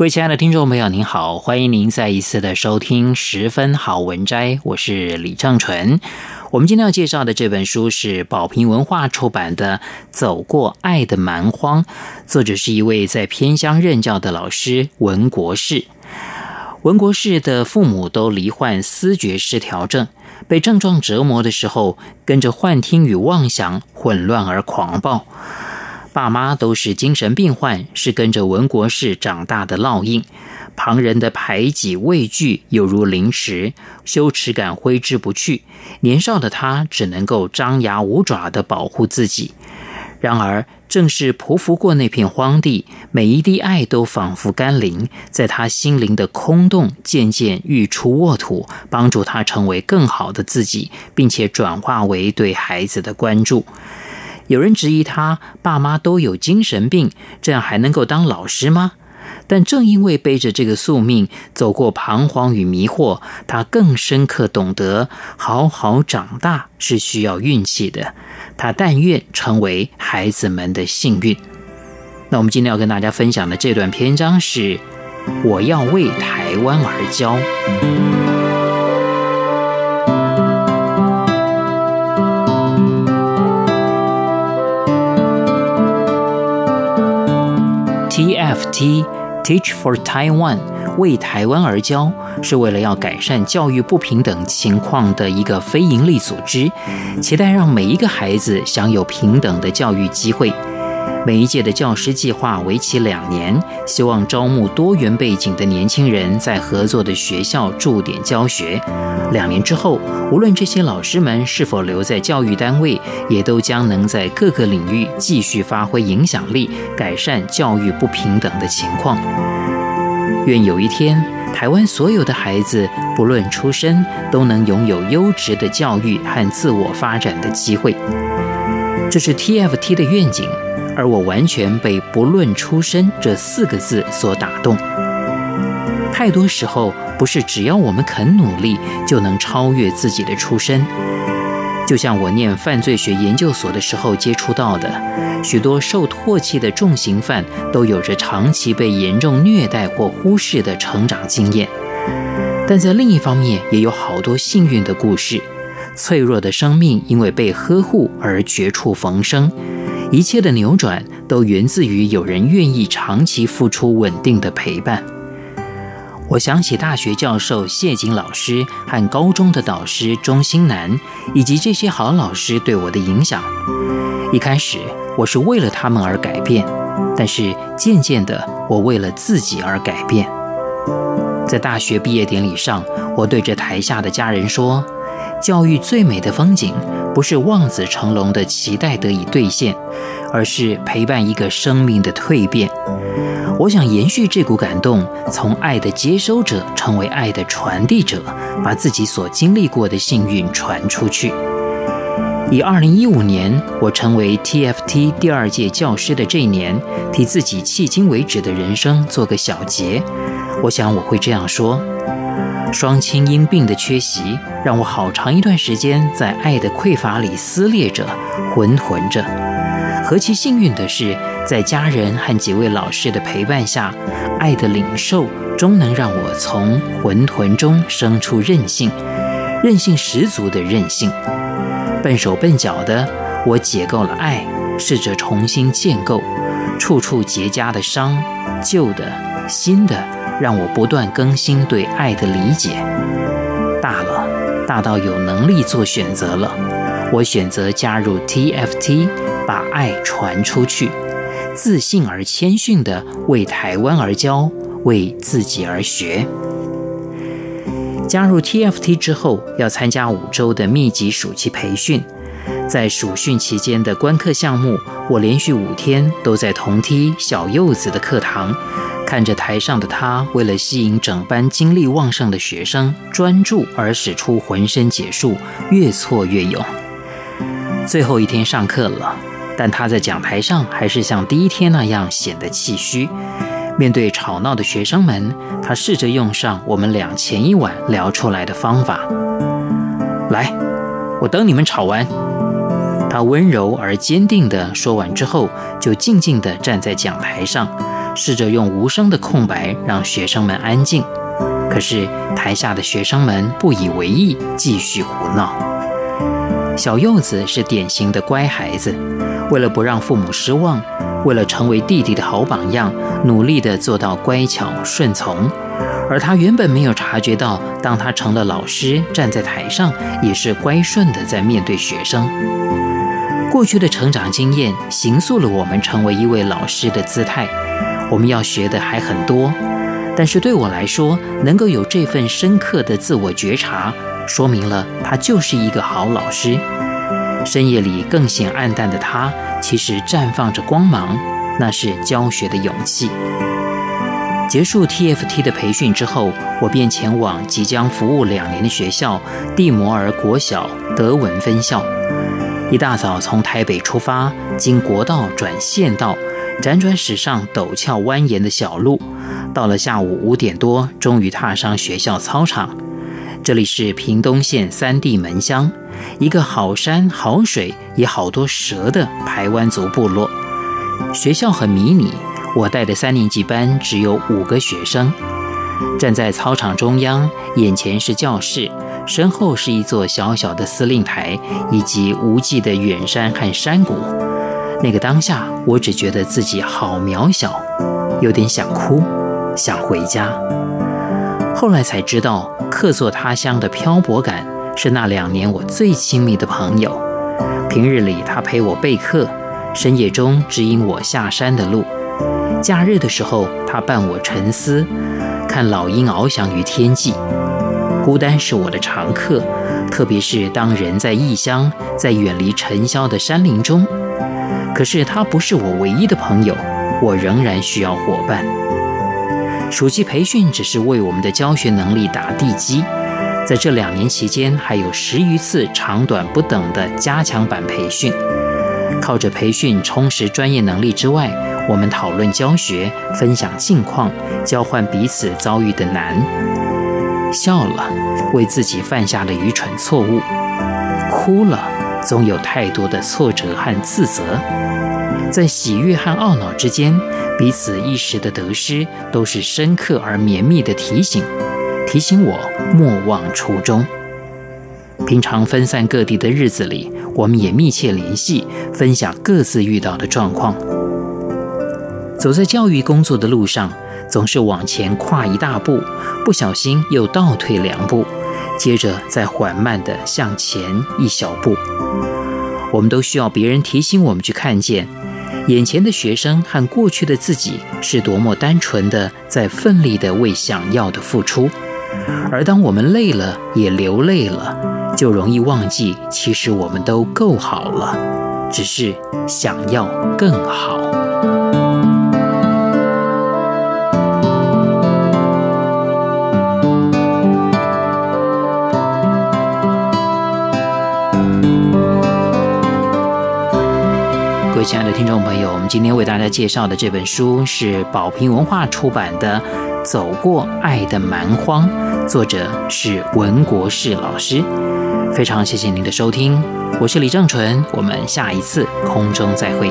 各位親愛的聽眾朋友，您好，歡迎您再一次的收聽《十分好文摘》，我是李正純。我們今天要介紹的這本書是寶瓶文化出版的《走過愛的蠻荒》，作者是一位在偏鄉任教的老師文國士。文國士的父母都罹患思覺失調症，被症狀折磨的時候，跟着幻聽與妄想，混亂而狂暴。爸媽都是精神病患，是跟着文國士長大的烙印，旁人的排擠畏懼猶如凌遲；羞恥感揮之不去。年少的他只能夠張牙舞爪的保護自己。然而，正是匍匐過那片荒地，每一滴愛都仿佛甘霖，在他心靈的空洞漸漸育出沃土，幫助他成為更好的自己，並且轉化為對孩子的關注。有人質疑他爸媽都有精神病，這樣還能夠當老師嗎？但正因為背着這個宿命，走過彷徨與迷惑，他更深刻懂得好好長大是需要運氣的。他但願成為孩子們的幸運。那我們今天要跟大家分享的這段篇章是：我要為台灣而教。一 Teach for Taiwan 為台灣而教，是為了要改善教育不平等情況的一個非營利組織，期待讓每一個孩子享有平等的教育機會。每一屆的教師計劃為期兩年，希望招募多元背景的年輕人在合作的學校駐點教學。兩年之後，無論這些老師們是否留在教育單位，也都將能在各個領域繼續發揮影響力，改善教育不平等的情況。願有一天，台灣所有的孩子不論出身，都能擁有優質的教育和自我發展的機會。這是 TFT 的願景。而我完全被“不論出身”這四個字所打動。太多時候，不是只要我們肯努力就能超越自己的出身。就像我念犯罪學研究所的時候接觸到的，許多受唾棄的重刑犯都有着長期被嚴重虐待或忽視的成長經驗。但在另一方面，也有好多幸運的故事，脆弱的生命因為被呵護而絕處逢生。一切的扭轉都源自於有人願意長期付出穩定的陪伴。我想起大學教授謝錦老師和高中的導師鍾心南，以及這些好老師對我的影響。一開始我是為了他們而改變，但是漸漸的我為了自己而改變。在大學畢業典禮上，我對着台下的家人說：“教育最美的風景，不是望子成龍的期待得以兌現，而是陪伴一個生命的蛻變。”我想延續這股感動，從愛的接收者成為愛的傳遞者，把自己所經歷過的幸運傳出去。以二零一五年我成為 TFT 第二屆教師的這一年，替自己迄今為止的人生做個小結。我想我會這樣說：雙親因病的缺席，讓我好長一段時間在愛的匱乏裡撕裂着、混沌着。何其幸運的是，在家人和幾位老師的陪伴下，愛的領受終能讓我從混沌中生出韌性，韌性十足的韌性。笨手笨腳的我解構了愛，試着重新建構，處處結痂的傷，舊的、新的。讓我不斷更新對愛的理解，大了，大到有能力做選擇了。我選擇加入 TFT，把愛傳出去，自信而謙遜地為台灣而教，為自己而學。加入 TFT 之後，要參加五周的密集暑期培訓，在暑訓期間的觀課項目，我連續五天都在同梯小柚子的課堂。看着台上的他，為了吸引整班精力旺盛的學生專注，而使出渾身解數，越挫越勇。最後一天上課了，但他在講台上還是像第一天那樣顯得氣虛。面對吵鬧的學生們，他試着用上我們倆前一晚聊出來的方法。來，我等你們吵完。他溫柔而堅定地說完之後，就靜靜地站在講台上。試着用無聲的空白讓學生們安靜，可是台下的學生們不以為意，繼續胡鬧。小柚子是典型的乖孩子，為了不讓父母失望，為了成為弟弟的好榜樣，努力的做到乖巧順從。而他原本沒有察覺到，當他成了老師，站在台上，也是乖順的在面對學生。過去的成長經驗，形塑了我們成為一位老師的姿態。我們要學的還很多，但是對我來說，能夠有這份深刻的自我覺察，說明了他就是一個好老師。深夜裡更顯暗淡的他，其實綻放着光芒，那是教學的勇氣。結束 TFT 的培訓之後，我便前往即將服務兩年的學校——地磨兒國小德文分校。一大早從台北出發，經國道轉縣道。輾轉駛上陡峭蜿蜒的小路，到了下午五點多，終於踏上學校操場。這裡是屏東縣三地門鄉，一個好山好水也好多蛇的排灣族部落。學校很迷你，我帶的三年級班只有五個學生。站在操場中央，眼前是教室，身後是一座小小的司令台，以及無際的遠山和山谷。那個當下，我只覺得自己好渺小，有點想哭，想回家。後來才知道，作客他鄉的漂泊感是那兩年我最親密的朋友。平日裡，他陪我備課；深夜中，指引我下山的路；假日的時候，他伴我沉思，看老鷹翱翔於天際。孤單是我的常客，特別是當人在異鄉，在遠離塵囂的山林中。可是他不是我唯一的朋友，我仍然需要夥伴。暑期培訓只是為我們的教學能力打地基，在這兩年期間還有十餘次長短不等的加強版培訓。靠着培訓充實專業能力之外，我們討論教學，分享近況，交換彼此遭遇的難。笑了，為自己犯下了愚蠢錯誤；哭了。總有太多的挫折和自責，在喜悅和懊惱之間，彼此一時的得失都是深刻而綿密的提醒，提醒我莫忘初衷。平常分散各地的日子裡，我們也密切聯繫，分享各自遇到的狀況。走在教育工作的路上，總是往前跨一大步，不小心又倒退兩步。接着再緩慢地向前一小步。我們都需要別人提醒我們去看見，眼前的學生和過去的自己是多麼單純地在奮力地為想要的付出。而當我們累了也流淚了，就容易忘記，其實我們都夠好了，只是想要更好。親愛的聽眾朋友，我們今天為大家介紹的這本書是寶瓶文化出版的《走過愛的蠻荒》，作者是文國士老師。非常謝謝您的收聽，我是李正純，我們下一次空中再會。